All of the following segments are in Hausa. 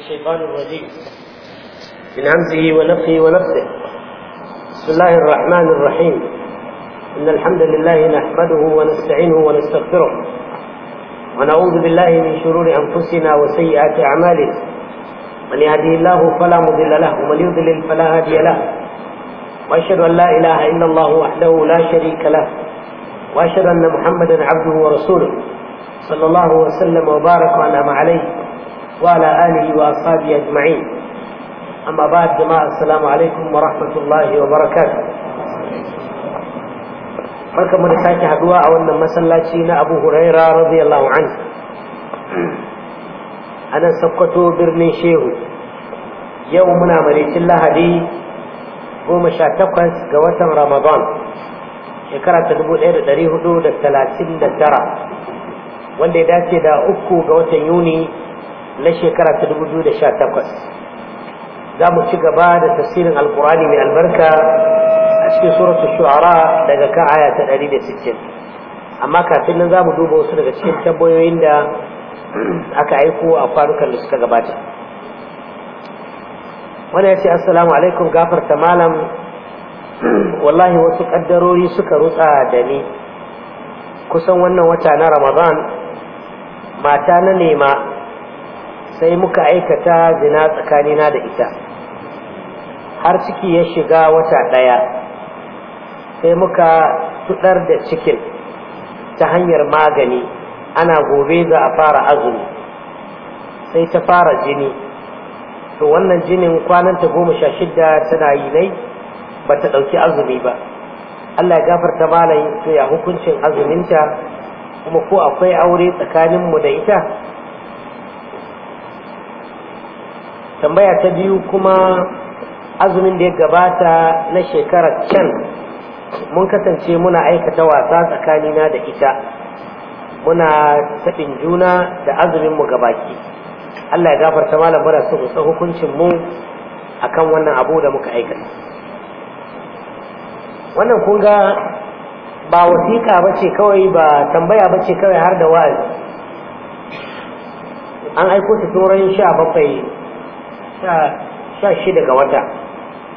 الشيطان الرجيم من همزه ونفه ونفسه بسم الله الرحمن الرحيم إن الحمد لله نحمده ونستعينه ونستغفره ونعوذ بالله من شرور أنفسنا وسيئات أعمالنا من يهدي الله فلا مضل له ومن يضلل فلا هادي له وأشهد أن لا إله إلا الله وحده لا شريك له وأشهد أن محمدا عبده ورسوله صلى الله وسلم وبارك ما عليه وعلى آله ba أجمعين أما بعد جماعة السلام عليكم ورحمة الله وبركاته barkamu da sake haduwa a wannan masallaci na abu huraira radiyallahu anhu a nan sakkwato birnin shehu yau muna maricin lahadi goma sha takwas ga watan ramadan shekara dubu ɗaya da ɗari hudu da talatin da tara wanda ya dace da uku ga watan yuni na shekara ta takwas za mu ci gaba da tasirin alkurani mai albarka a cikin suratu shu'ara daga kan aya ta sittin amma kafin nan za mu duba wasu daga cikin tambayoyin da aka aiko a kwanukan da suka gabata wani ya ce assalamu alaikum ta malam wallahi wasu kaddarori suka rutsa da ni kusan wannan wata na ramadan mata na nema sai muka aikata zina tsakanina da ita har ciki ya shiga wata ɗaya sai muka tudar da cikin ta hanyar magani ana gobe za a fara azumi sai ta fara jini to wannan jinin kwananta goma sha shida tana yi nai ba ta ɗauki azumi ba Allah ya gafarta malayin to ya hukuncin azuminta kuma ko akwai aure tsakaninmu da ita tambaya ta biyu kuma azumin da ya gabata na shekarar can mun kasance muna aikata wasa tsakanina da ita muna taɓin juna da azuminmu mu gabaki Allah ya gafarta malam bara su kusa hukuncin mu akan wannan abu da muka aikata wannan kunga ba wasiƙa ba ce kawai ba tambaya ba ce kawai har da wa'azi an aiko ta turai sha bakwai sha shida ga wata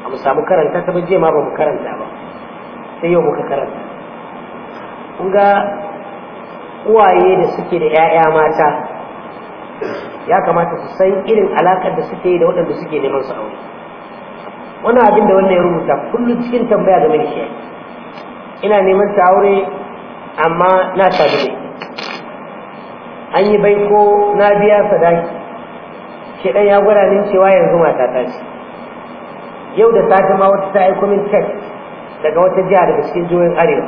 a mu samu karanta ta baje ma ba mu karanta ba sai yau muka karanta ga uwaye da suke da 'ya'ya mata ya kamata su san irin alakar da suke da waɗanda suke neman su aure wani abin da wannan ya rubuta kullum cikin tambaya da shi ina neman ta aure amma na sadu ne an yi baiko na biya sadaki shedan ya gwada min cewa yanzu mata ta ce yau da safe ma wata ta aiko min text daga wata jiha daga cikin jihohin arewa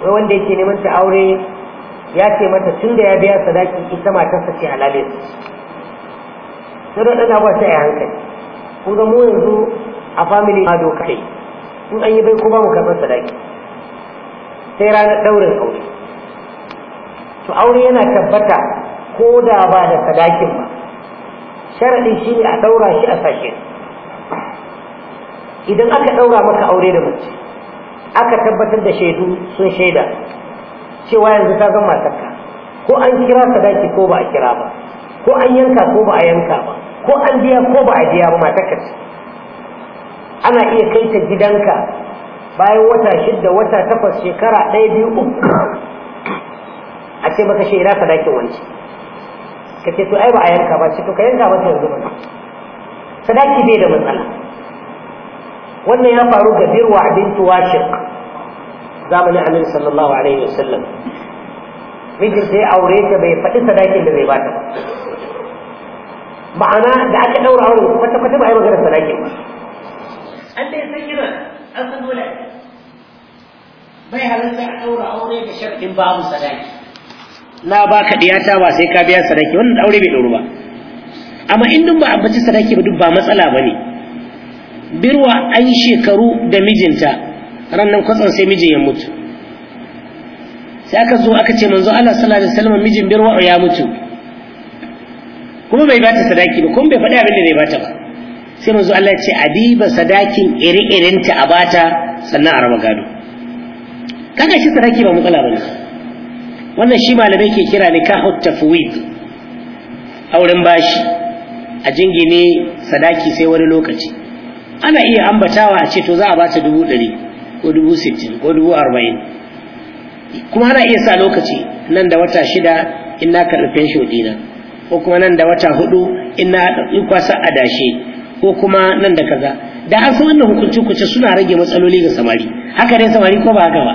wai wanda yake neman ta aure ya ce mata tun da ya biya sadaki ita matarsa ce halalin sai da ɗana ba ta yi hankali ko ga mu yanzu a family ma doka kai in an yi bai ko ba mu karɓar sadaki sai ranar ɗaurin aure to aure yana tabbata ko da ba da sadakin ba sharaɗin shi ne a ɗaura shi a sake, idan aka ɗaura maka aure da mace aka tabbatar da shaidu sun shaida cewa yanzu ta zama matarka ko an kira sadaki ko ba a kira ba ko an yanka ko ba a yanka ba ko an biya ko ba a biya ba matarka ce ana iya kai ta gidanka bayan wata shidda wata takwas shekara ɗaya biyu uku a ce maka shaida sadakin wancan ka ce to ai ba a yanka ba shi, to ka yanka mata yanzu mana sadaki bai da matsala wannan ya faru ga birwa bintu washiq zamanin annabi sallallahu alaihi wasallam mijin sai aure ta bai faɗi sadakin da zai bata ma'ana da aka ɗaura aure kwata kwata ba a yi magana sadakin ba an dai san yana an san dole bai halarta a ɗaura aure da sharɗin babu sadaki na baka ta ba sai ka biya sadaki wannan aure bai ɗoro ba amma in dun ba bace sadaki ba duk ba matsala ba ne. birwa an shekaru da mijinta rannan kwatsan sai mijin ya mutu sai aka zo aka ce manzo Allah sallallahu alaihi wasallam mijin birwa ya mutu kuma bai bata sadaki ba kuma bai faɗi abin da bai bata ba sai manzo Allah ya ce adiba sadakin iri-irinta a bata sannan a raba gado kaga shi sadaki ba matsala ba ne. wannan shi malamai ke kira nikahu tafwid auren bashi a jingine sadaki sai wani lokaci ana iya ambatawa a ce to za a ba ta dubu ɗari ko dubu sittin ko dubu arba'in kuma ana iya sa lokaci nan da wata shida in na karɓi fensho ko kuma nan da wata hudu in na kwasa adashe ko kuma nan da kaza da an san wannan hukunci kuce suna rage matsaloli ga samari haka dai samari ko ba haka ba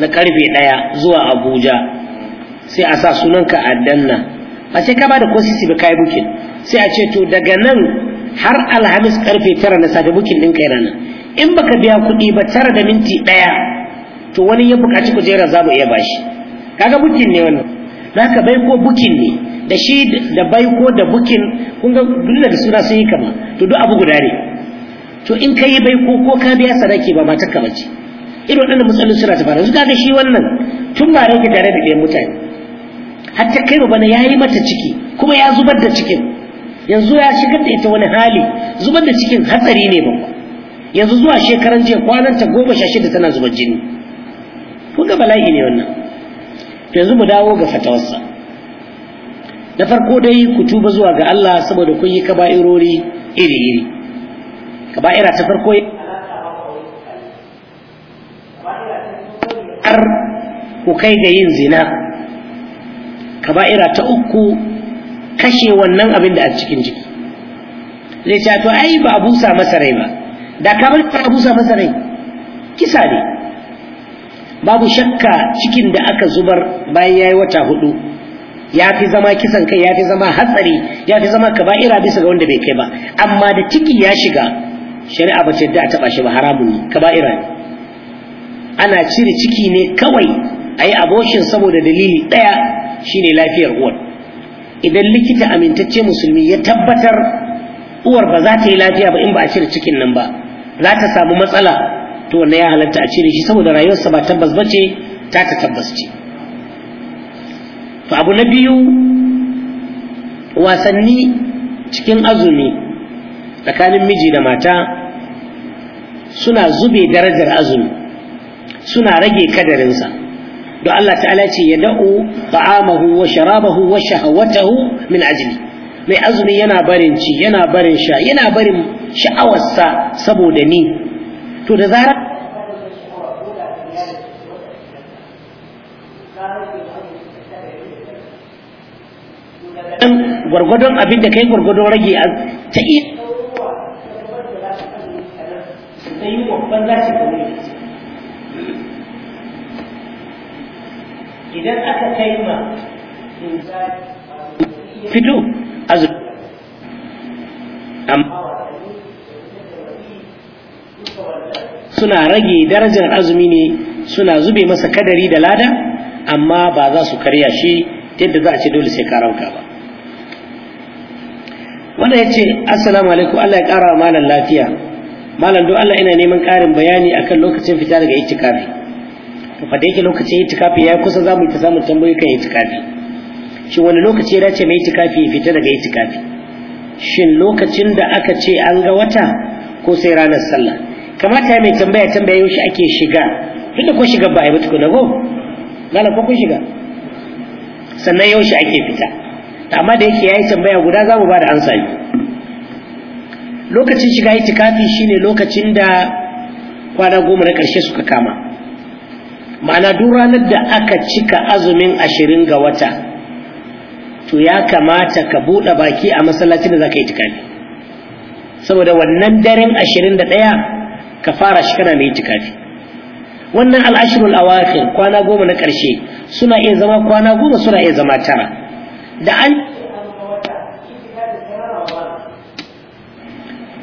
na karfe daya zuwa abuja sai a sa sunanka a danna a sai ka bada kosisi ba kai bukin sai a ce to daga nan har alhamis karfe tara na safe bukin din kai rana in baka biya kuɗi ba tara da minti ɗaya to wani ya buƙaci kujera za mu iya bashi kaga bukin ne wannan ka bai ko bukin ne da shi da bai ko da bukin kun ga duk da suna sun yi kama to duk abu guda ne to in ka yi bai ko ko ka biya sadaki ba matarka bace irin waɗannan matsalolin suna ta faru shi wannan tun ba yake tare da ɗayan mutane hatta kai bana ya yi mata ciki kuma ya zubar da cikin yanzu ya shigar da ita wani hali zubar da cikin hatsari ne ba, yanzu zuwa shekaran jiya kwananta goma sha shida tana zubar jini ko ga bala'i ne wannan yanzu mu dawo ga fatawarsa da farko dai ku tuba zuwa ga Allah saboda kun yi kaba'irori iri-iri kaba'ira ta farko har ku kai ga yin zina kaba'ira ta uku kashe wannan abin da a cikin jiki zai ce to ai ba a busa masa rai ba da ka bar ta busa masa rai kisa ne babu shakka cikin da aka zubar bayan yayi wata hudu ya fi zama kisan kai ya fi zama hatsari ya fi zama kaba'ira bisa ga wanda bai kai ba amma da ciki ya shiga shari'a ba ta yadda a taba shi ba haramun ne kaba'ira ne ana cire ciki ne kawai a yi abortion saboda dalili ɗaya shine lafiyar uwar idan likita amintacce musulmi ya tabbatar uwar ba za ta yi lafiya ba in ba a cire cikin nan ba za ta samu matsala to wannan ya halatta a cire shi saboda rayuwarsa ba tabbas ba ce ta ta tabbas ce to abu na biyu wasanni cikin azumi tsakanin miji da mata suna zube darajar azumi suna rage kadarinsa don Allah ta'ala ce ya da'u ta'amahu wa sharabahu wa shahawatahu min ajli mai azumi yana barin ci yana barin sha yana barin sha'awarsa saboda ni to da zarar gwargwadon abin da kai gwargwadon rage ta yi babban za su idan aka kai ma fito azumi suna rage darajar azumi ne suna zube masa kadari da lada amma ba za su karya shi yadda za a ce dole sai karauka ba wanda ya ce assalamu alaikum allah ya kara wa malam lafiya malam don allah ina neman karin bayani akan lokacin fita daga itikafi fa da yake lokacin itikafi ya kusa za mu ta samun tambayoyi kan itikafi shin wani lokaci ya dace mai itikafi ya fita daga itikafi shin lokacin da aka ce an ga wata ko sai ranar sallah kamata mai tambaya tambaya yau shi ake shiga tunda ko shiga ba a yi mutu kuna ko lala ko kun shiga sannan yau shi ake fita amma da yake yayi tambaya guda za mu ba da ansa ne lokacin shiga itikafi shine lokacin da kwana goma na ƙarshe suka kama ma'ana duk ranar da aka cika azumin ashirin ga wata to ya kamata ka buɗe baki a masallacin da za ka yi tikali saboda wannan daren ashirin da ɗaya ka fara shi kana mai tikali wannan al'ashirul awakhir kwana goma na ƙarshe suna iya zama kwana goma suna iya zama tara da an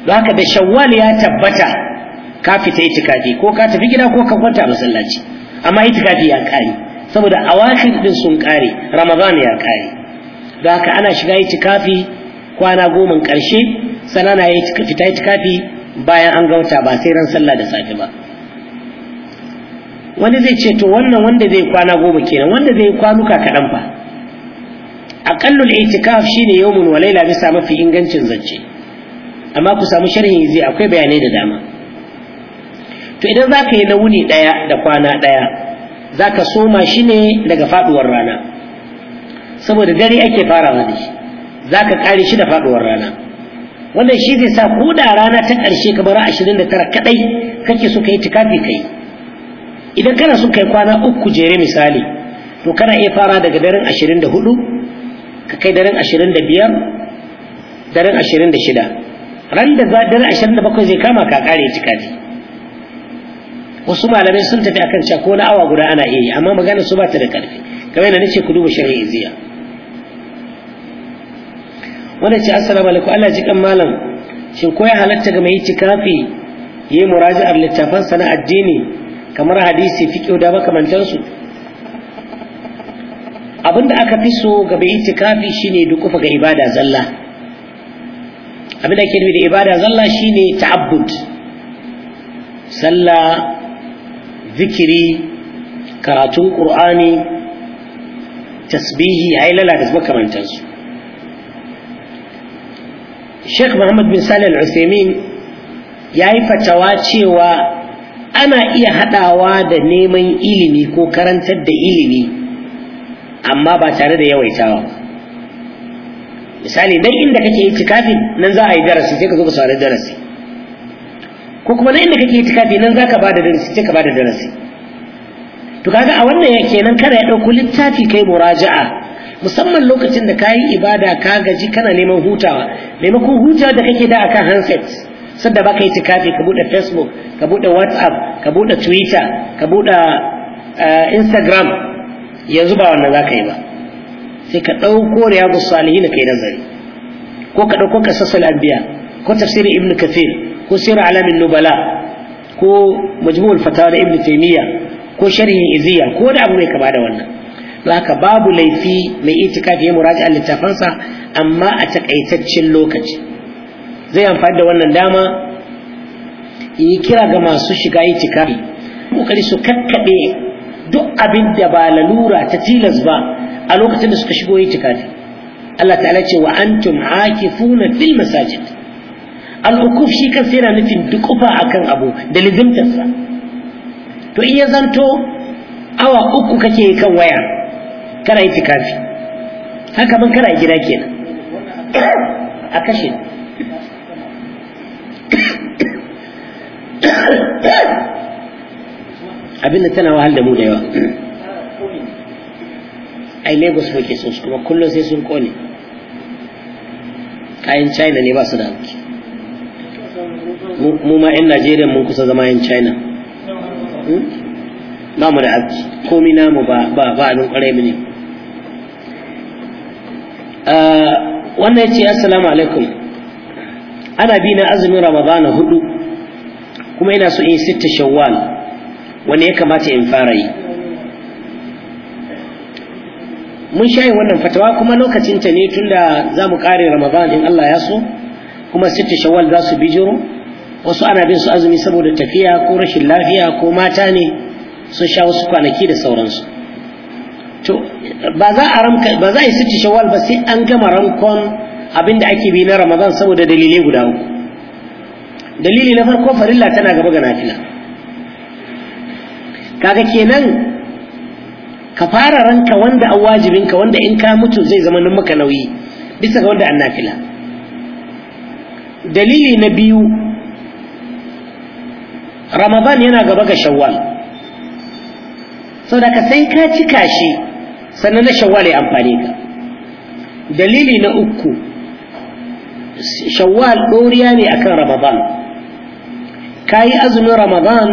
da haka da shawwal ya tabbata ka fita yi cikafi ko ka tafi gida ko ka kwanta masallaci amma itikafi ya kare saboda awakin din sun kare ramadan ya kare da haka ana shiga itikafi kwana goma karshe sanana ya fita itikafi bayan an gauta ba sai ran sallah da safe ba wani zai ce to wannan wanda zai kwana goma kenan wanda zai kwanuka kaɗan fa aqallul itikaf shine yawmun wa laila bisa mafi ingancin zance amma ku samu sharhi zai akwai bayanai da dama to idan za ka yi na wuni ɗaya da kwana ɗaya za ka soma shi ne daga faɗuwar rana saboda dare ake farawa da shi za ka ƙare shi da faɗuwar rana wannan shi zai sa kuɗa rana ta ƙarshe ka bara ashirin da tara kaɗai kake so ka yi tikafi ka yi idan kana so ka yi kwana uku jere misali to kana iya fara daga daren ashirin da hudu ka kai daren ashirin da biyar daren ashirin da shida ran da daren ashirin da bakwai zai kama ka ƙare tikafi wasu malamai sun tafi akan cewa ko na awa guda ana iya yi amma magana su ba ta da karfi kamar yana nace ku duba shari'a iziya wanda ce assalamu alaikum Allah ji kan malam shin ko ya halatta ga mai tikafi yayi muraji'ar littafan sana addini kamar hadisi fiqh da su abinda aka fi so ga mai itikafi shine dukufa ga ibada zalla abinda ke nufi da ibada zalla shine ta'abbud sallah zikiri karatun ƙur'ani tasbihi hailala da makamantansu sheikh muhammad bin salih al-usaimin ya yi fatawa cewa ana iya haɗawa da neman ilimi ko karantar da ilimi amma ba tare da yawaitawa misali dan inda kake yi tikafi nan za a yi darasi sai ka zo ka saurari darasi ko kuma na inda kake yi tikafi nan za ka ba da darasi sai ka ba da darasi to kaga a wannan ya kenan kada ya ɗauko littafi kai muraja'a musamman lokacin da kayi ibada ka gaji kana neman hutawa maimakon hutawa da kake da akan handset sadda baka yi tikafi ka bude facebook ka bude whatsapp ka bude twitter ka bude eh, instagram yanzu ba wannan za ka yi ba sai ka dauko riyadu salihin kai nazari ko ka dauko kasasal anbiya ko tafsirin ibnu kathir ko sirr alamin nubala ko majmu'ul fatawa da ibnu taymiya ko sharhin iziya ko da abu mai kama da wannan don haka babu laifi mai itikafi ya a littafansa amma a takaitaccen lokaci zai amfani da wannan dama yi kira ga masu shiga itikafi kokari su kakkaɓe duk abin da ba lalura ta tilas ba a lokacin da suka shigo itikafi Allah ta'ala ce wa antum akifuna fil masajid al'ukuf shi kan sai na nufin a akan abu da lizimtarsa to in ya zanto awa uku kake kan waya kana yi tikafi haka ban kana gida kenan a kashe abin da tana wahal da mu da yawa ai lagos muke su kuma kullum sai sun kone kayan china ne ba su da abuki mu ma 'yan najeriya mun kusa zama 'yan china hmm? ba mu da arziki komi namu ba ba abin kwarai mu ne ah, wannan ya ce assalamu alaikum ana bi na azumin ramadana hudu kuma ina so in yi sitta shawwal wanda ya kamata in fara yi mun shayi wannan fatawa kuma lokacinta ne tunda za mu kare ramadan in allah ya so kuma sitta shawwal za su bijiro wasu ana bin su azumi saboda tafiya ko rashin lafiya ko mata ne sun sha wasu kwanaki da sauransu to ba za a ramka ba za a yi sitti shawal ba sai an gama ramkon abinda ake bi na ramadan saboda dalilai guda uku dalili na farko farilla tana gaba ga nafila kaga kenan ka fara ranka wanda an wajibinka wanda in ka mutu zai zama nan maka nauyi bisa ga wanda an nafila dalili na biyu ramadan yana gaba ga shawwal sau ka sai ka cika shi sannan na shawwal ya amfani ka dalili na uku shawwal ɗoriya ne akan ramadan ka yi azumin ramadan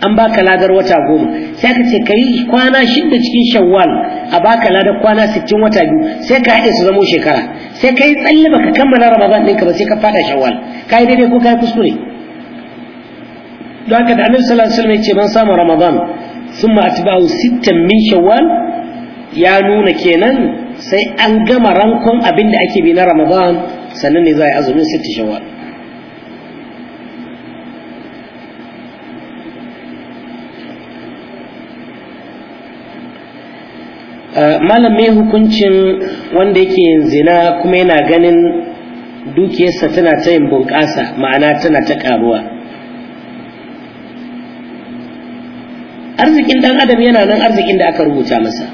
an baka ladar wata goma sai ka ce ka yi kwana shida cikin shawwal a baka ladar kwana sittin wata biyu sai ka haɗe su zamo shekara sai ka yi tsalle baka kammala ramadan ɗinka ba sai ka faɗa shawwal ka yi daidai ko ka kuskure don haka da annabi sallallahu alaihi wasallam ya ce ban samu ramadan thumma atba'u sittan min shawwal ya nuna kenan sai an gama rankon abin da ake bi na ramadan sannan ne za a yi azumin sittin shawwal uh, malamin hukuncin wanda yake yin zina kuma yana ganin dukiyarsa tana ta yin bunƙasa ma'ana tana ta ƙaruwa arzikin dan adam yana nan arzikin da aka rubuta masa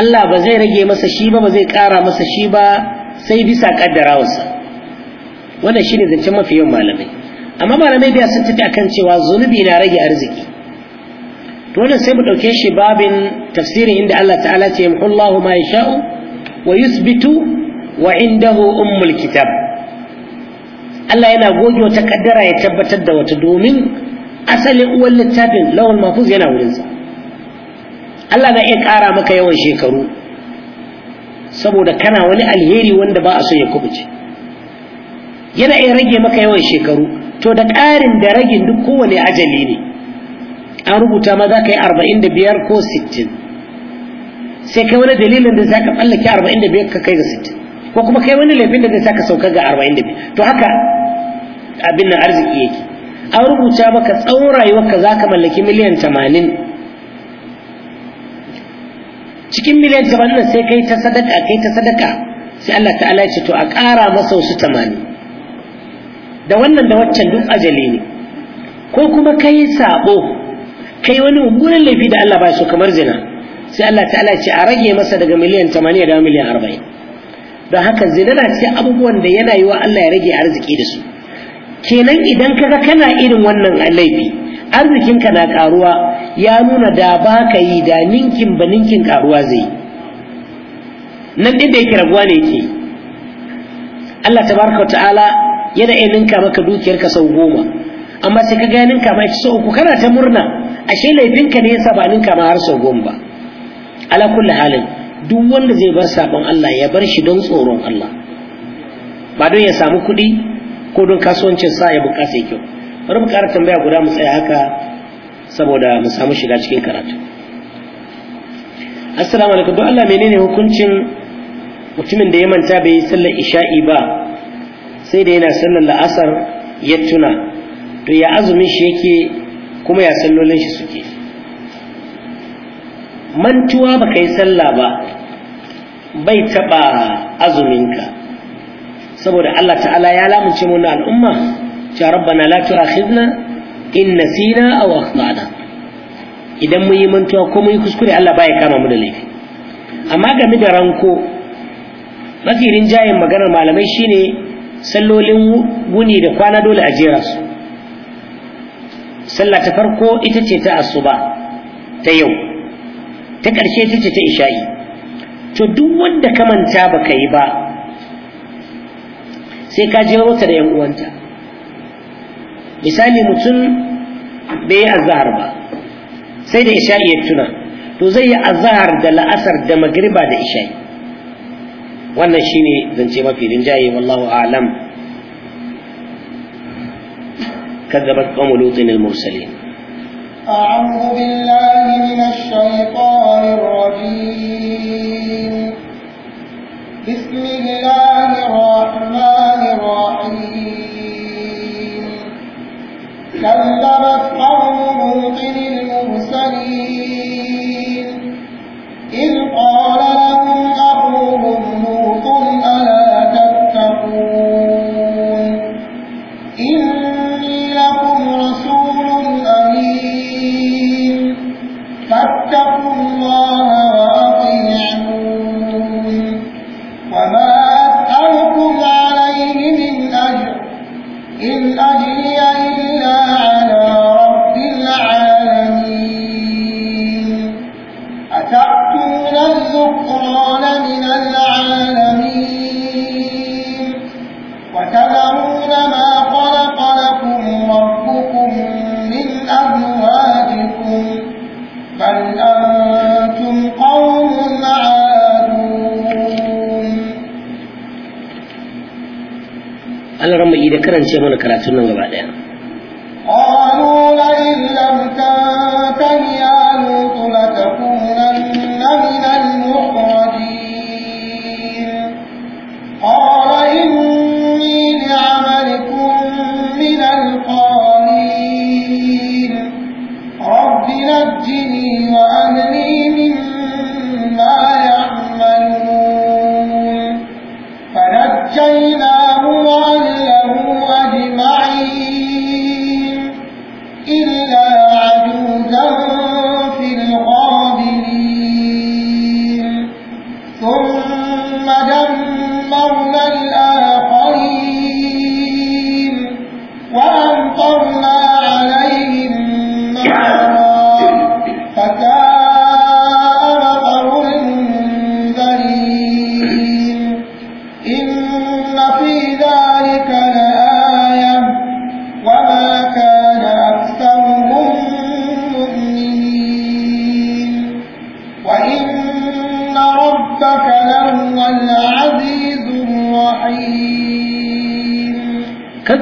Allah ba zai rage masa shi ba ba zai ƙara masa shi ba sai bisa kaddarawarsa wannan shine zancen mafi yawan malamai amma malamai da sun tafi akan cewa zunubi na rage arziki to wannan sai mu ɗauke shi babin tafsirin, inda Allah ta'ala ce yamhullahu ma yasha'u wa yusbitu wa indahu ummul kitab Allah yana goge wata kaddara ya tabbatar da wata domin asalin uwan littafin lawan mafuz yana wurinsa Allah na iya ƙara maka yawan shekaru saboda kana wani alheri wanda ba a so ya kubuce yana iya rage maka yawan shekaru to da ƙarin da ragin duk kowane ajali ne an rubuta ma za ka yi arba'in da biyar ko sittin sai kai wani dalilin da za ka tsallake arba'in da biyar ka kai ga sittin ko kuma kai wani laifin da zai sa ka sauka ga arba'in da biyar to haka abin nan arziki yake an rubuta maka tsawon rayuwarka za ka mallaki miliyan tamanin cikin miliyan tamanin sai kai ta sadaka kai ta sadaka sai Allah ta'ala ya ce to a ƙara masa wasu tamanin da wannan da waccan duk ajali ne ko kuma kai sabo kai wani mummunan laifi da Allah ba shi kamar zina sai Allah ta'ala ya ce a rage masa daga miliyan tamanin da miliyan arba'in don haka zina na ce abubuwan da yana yi wa Allah ya rage arziki da su kenan idan kaga kana irin wannan laifi arzikinka na karuwa ya nuna da ba yi da ninkin ba ninkin karuwa zai yi. nan ɗin da yake raguwa ne ke Allah tabaraka wa ta'ala yana iya ninka maka dukiyarka sau goma amma sai ka gaya ninka maka sau uku kana ta murna ashe laifinka ne yasa ba ninka ma har sau goma ba ala kulli halin duk wanda zai bar sabon Allah ya bar shi don tsoron Allah ba don ya samu kuɗi ko don kasuwancin sa ya bukasa kyau bari mu tambaya guda mu tsaya haka saboda mu samu shiga cikin karatu assalamu alaikum don Allah menene hukuncin mutumin da ya manta bai yi sallar isha'i ba sai da yana sallar la'asar ya tuna to ya azumin shi yake kuma ya sallolin shi suke mantuwa baka yi sallah ba bai taɓa azuminka saboda Allah ta'ala ya lamunce mu na al'umma cewa rabbana la tu'akhidna in nasina aw akhtana idan mun yi mantuwa ko mun yi kuskure Allah baya kama mu da laifi amma game da ranko mafi rinjayen maganar malamai shine sallolin guni da kwana dole a jera su sallah ta farko ita ce ta asuba ta yau ta ƙarshe ita ce ta isha'i to duk wanda ka manta baka yi ba sai ka je mata da yan uwanta misali mutum bai yi azahar ba sai da isha'i ya tuna to zai yi azahar da la'asar da magriba da isha'i wannan shine zance mafi rinjaye wallahu a'lam كذبت قوم لوط المرسلين أعوذ بالله من الشيطان الرجيم بسم الله karance mana karatun nan gaba daya ثم دمرنا الآخرين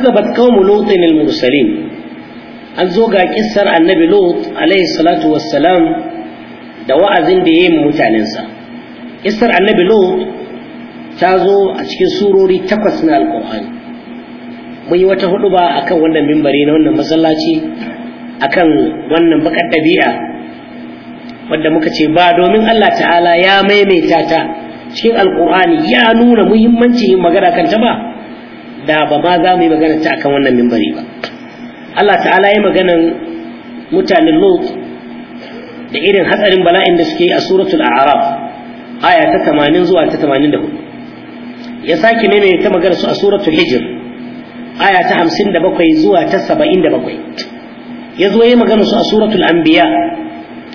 كذبت قوم لوط المرسلين mursalin an zo ga kissar annabi lut alaihi salatu wassalam da wa'azin da yayin mutanensa kissar annabi lut ta zo a cikin surori takwas na alqur'ani mun yi wata hudu ba akan wannan mimbari na wannan masallaci akan wannan bakar dabi'a wanda muka ce ba domin Allah ta'ala ya maimaita ta cikin alqur'ani ya nuna muhimmancin magana kanta ba da ba ma za mu yi magana ta akan wannan mimbari ba Allah ta'ala ya maganan mutanen Lut da irin hatsarin bala'in da suke a suratul a'raf aya ta 80 zuwa ta 84 ya sake ne ta magana su a suratul hijr aya ta 57 zuwa ta 77 ya zo ya magana su a suratul anbiya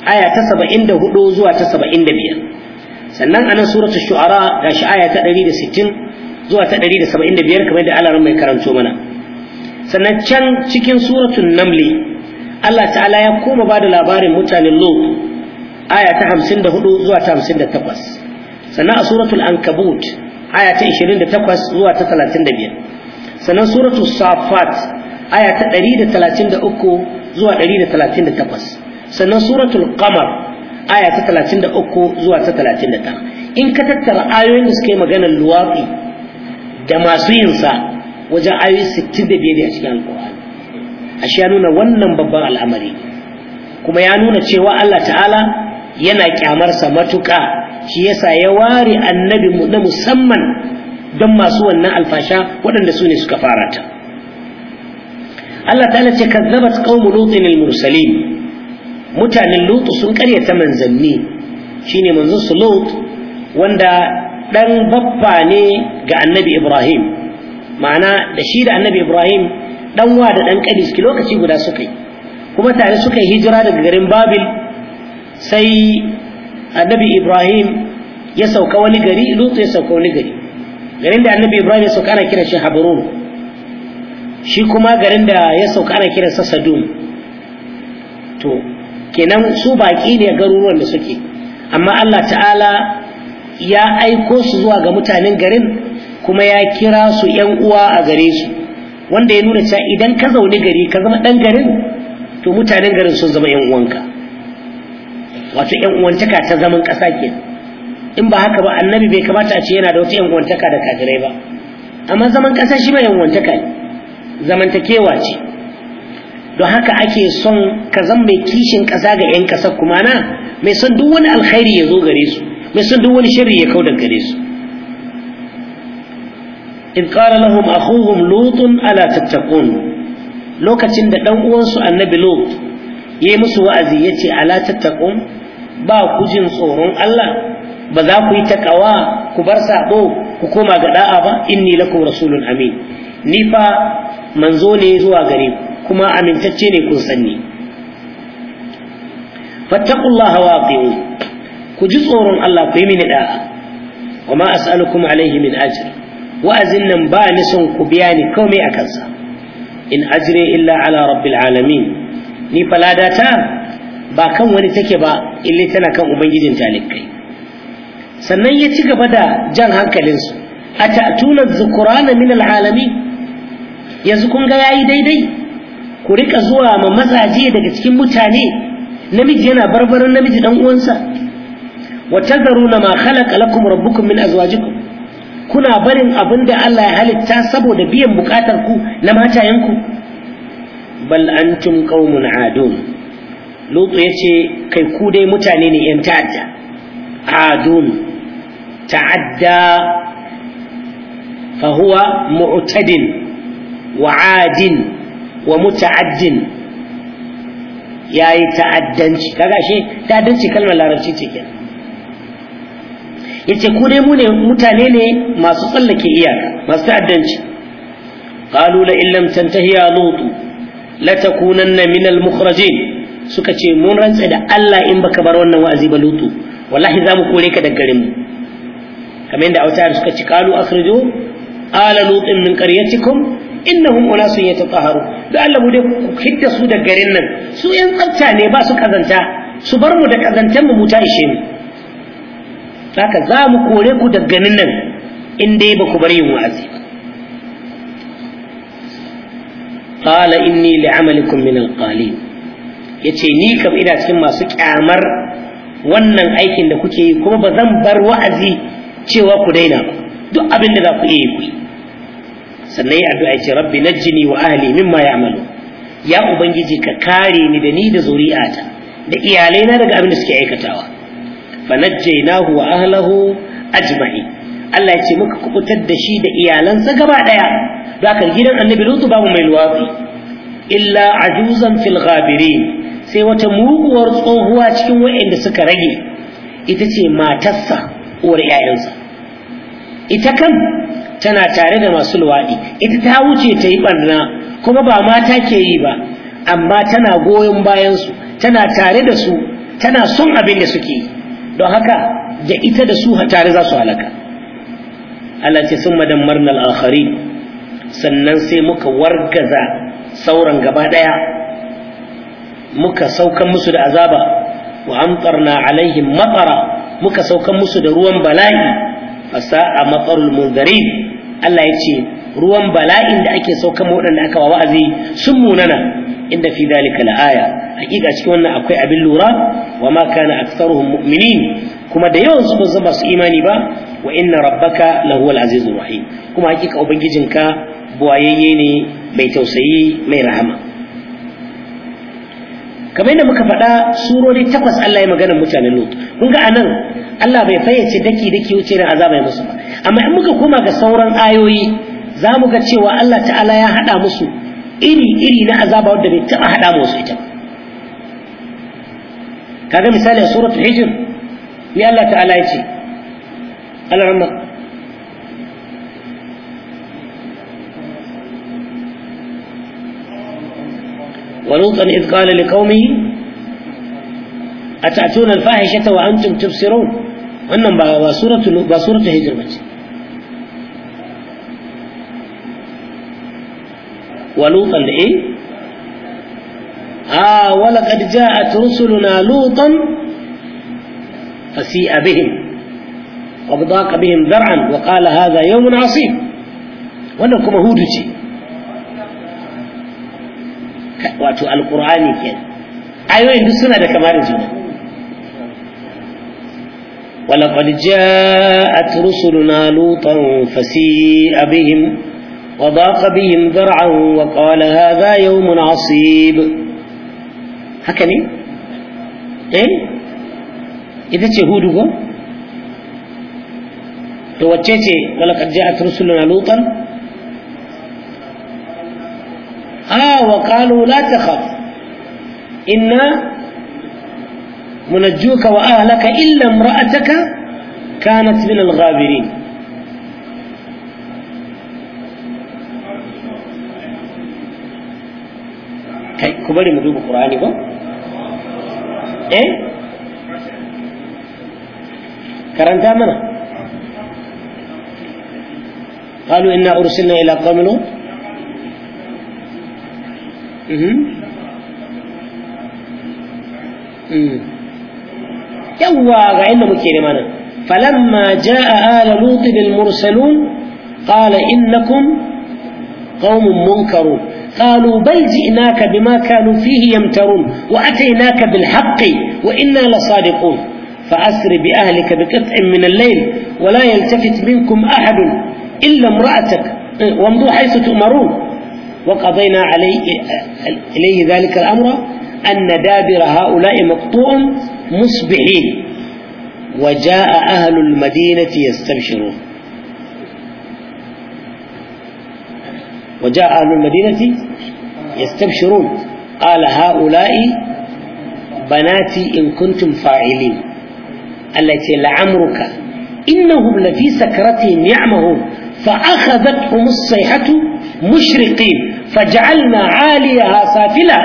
aya ta 74 zuwa ta 75 sannan anan suratul shu'ara gashi aya ta 160 zuwa ta ɗari 175 kamar da alarun mai karanto mana sannan can cikin suratun namli Allah ta'ala ya koma ba da labarin mutanen Lut aya ta hudu zuwa ta 58 sannan a suratul ankabut aya ta takwas zuwa ta talatin da biyar. sannan suratul safat aya ta uku zuwa ɗari da da talatin takwas. sannan suratul qamar aya ta uku zuwa ta talatin da 39 in ka tattara ayoyin da suka yi maganar luwafi da masu yin sa wajen ayoyi 65 ne a cikin alkur'ani shi ya nuna wannan babban al'amari kuma ya nuna cewa Allah ta'ala yana kyamarsa matuƙa shi yasa ya ware annabi na musamman don masu wannan alfasha waɗanda su ne suka fara ta Allah ta'ala ce kazzabat qaumu lutin al-mursalin mutanen lutu sun karyata manzanni shine manzon su lut wanda ɗan baffa ne ga annabi ibrahim ma'ana da shi da annabi ibrahim ɗan wa da ɗan ƙani lokaci guda suka yi kuma tare suka yi hijira daga garin babil sai annabi ibrahim ya sauka wani gari lutu ya sauka wani gari garin da annabi ibrahim ya sauka ana kiran shi habarun shi kuma garin da ya sauka ana kiran sa sadum to kenan su baƙi ne garuruwan da suke amma allah ta'ala ya aiko su zuwa ga mutanen garin kuma ya kira su ‘yan uwa a gare su wanda ya nuna cewa idan ka zaune gari ka zama ɗan garin to mutanen garin sun zama ‘yan uwanka wato ‘yan uwantaka ta zaman ƙasa ke in ba haka ba annabi bai kamata a ce yana da wata ‘yan uwantaka da kafirai ba amma zaman ƙasa shi ma ‘yan uwantaka ne zamantakewa ce don haka ake son ka zama mai kishin ƙasa ga ‘yan ƙasa kuma na mai son duk wani alkhairi ya zo gare su Mai san duk wani shiri ya kau da gare su ƙara lahum a أخوهم lutun ala tattakun lokacin da ɗan'uwansu uwansu annabi lut ya yi musu wa'azi ya ce ala tattakun ba ku jin tsoron Allah ba za ku yi takawa ku bar saɓo ku koma ga ɗa'a ba ni lakum rasulun amin ni fa manzo ne zuwa gare kuma amintacce ne kun sanni fattaqullaha waqi'un ku ji tsoron Allah ku yi mini da'a wa ma as'alukum alaihi min ajr wa'azin nan ba ni son ku biya ni komai a kansa in ajri illa ala rabbil alamin ni ta? ba kan wani take ba illa tana kan ubangijin talikai sannan ya ci gaba da jan hankalinsu a ta'tuna zukurana min alalami yanzu kun ga yayi daidai ku rika zuwa ma mazaje daga cikin mutane namiji yana barbarin namiji dan uwansa wa tazaruna ma khalaqa lakum rabbukum min azwajikum kuna barin abin da Allah ya halitta saboda biyan bukatar ku na matayenku bal antum qaumun adun lutu yace kai ku dai mutane ne yan ta'adda adun ta'adda fa huwa mu'tadin wa adin wa muta'addin yayi ta'addanci kaga shi ta'addanci kalmar larabci ce yace ku dai ne mutane ne masu tsallake iyaka masu ta'addanci qalu la illam tantahi ya lut la takunanna min suka ce mun rantsa da Allah in baka bar wannan wa'azi ba lutu wallahi za mu kore ka daga garin mu kamar yadda autayar suka ci qalu akhrijo ala lutin min qaryatikum innahum unasun yatatahharu da Allah mu dai ku hidda su da garin nan su yan tsafta ne ba su kazanta su bar mu da kazantan mu mu ta ishe mu haka za mu kore ku da ganin nan in dai ba ku bar yin wa'azi ba qala inni li'amalikum min alqalin yace ni kam ina cikin masu kyamar wannan aikin da kuke yi kuma ba zan bar wa'azi cewa ku daina ba duk abin da za ku iya yi sannan ya addu'a ce rabbi najjini wa ahli mimma ya'malu ya ubangiji ka kare ni da ni da zuri'ata da iyalaina daga abin da suke aikatawa fanajjaynahu wa ahlahu ajma'i Allah ya ce muka kubutar da shi da iyalansa gaba ɗaya da kan gidan annabi lutu babu mai luwaɗi. illa ajuzan fil sai wata muguwar tsohuwa cikin waɗanda suka rage ita ce matarsa uwar 'ya'yansa ita kan tana tare da masu luwaɗi ita ta wuce ta yi ɓarna kuma ba mata ke yi ba amma tana goyon bayansu tana tare da su tana son abin da suke yi don haka da ita da su tare za su halaka Allah ce sun madammarna al'akhari sannan sai muka wargaza sauran gaba ɗaya muka saukan musu da azaba wa amtarna alaihim matsara muka saukan musu da ruwan bala'i fasa a matsarul munzari Allah ya ce ruwan bala'in da ake saukan waɗanda aka wa wa'azi sun munana inda fi dalika la'aya hakika cikin wannan akwai abin lura wa ma kana aktsaruhum mu'minin kuma da yawan su ba su imani ba wa inna rabbaka lahuwal azizur rahim kuma hakika ubangijinka buwayayye ne mai tausayi mai rahama kamar yadda muka faɗa surori takwas Allah ya magana mutanen Lut kun ga anan Allah bai fayyace daki daki wuce da azaba ya musu ba amma in muka koma ga sauran ayoyi za mu ga cewa Allah ta'ala ya haɗa musu iri-iri na azaba wadda bai taɓa haɗa musu ita kaga misali a suratul hijr ni Allah ta'ala ya ce Allah ولوطا إذ قال لقومه أتأتون الفاحشة وأنتم تبصرون wannan ba ba suratul ba suratul ولوطا لإيه آه ولقد جاءت رسلنا لوطا فسيء بهم وضاق بهم ذرعا وقال هذا يوم عصيب wannan هودتي hudu القرآن كان أيوة السنة ayoyin duk suna ولقد جاءت رسلنا لوطا فسيء بهم وضاق بهم ذرعا وقال هذا يوم عصيب هكني إيه إذا تشهدوا تهودوا توجهتي ولقد جاءت رسلنا لوطا آه وقالوا لا تخف إنا منجوك وأهلك إلا امرأتك كانت من الغابرين kai ku القرآن يقول إيه qur'ani ba قالوا إنا أرسلنا إلى قوم لوط يوا غعنا مكينا فلما جاء آل لوط المرسلون قال إنكم قوم منكرون قالوا بل جئناك بما كانوا فيه يمترون وأتيناك بالحق وإنا لصادقون فأسر بأهلك بقطع من الليل ولا يلتفت منكم أحد إلا امرأتك وامضوا حيث تؤمرون وقضينا عليه إليه ذلك الأمر أن دابر هؤلاء مقطوع مصبحين وجاء أهل المدينة يستبشرون وجاء أهل المدينة يستبشرون قال هؤلاء بناتي إن كنتم فاعلين التي لعمرك إنهم لفي سكرتهم يعمهون فأخذتهم الصيحة مشرقين فجعلنا عاليها سافلة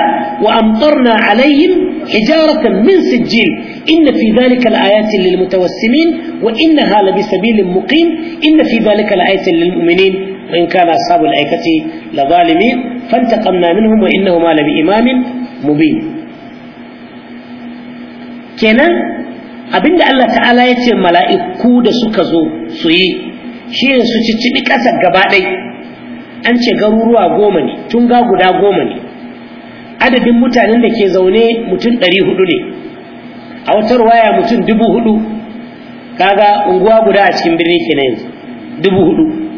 وأمطرنا عليهم حجارة من سجيل إن في ذلك لآيات للمتوسمين وإنها لبسبيل مقيم إن في ذلك الآيات للمؤمنين وإن كان أصحاب الأيكة لظالمين فانتقمنا منهم وإنهما لبإمام مبين kenan abinda Allah ta'ala ya ce mala'iku da suka zo su yi shi ne su cicciɓi ƙasar gabaɗai an ce garuruwa goma ne tun ga guda goma ne adadin mutanen da ke zaune mutum ɗari hudu ne a wata ruwaya mutum dubu hudu kaga unguwa guda a cikin birni kenan yanzu dubu hudu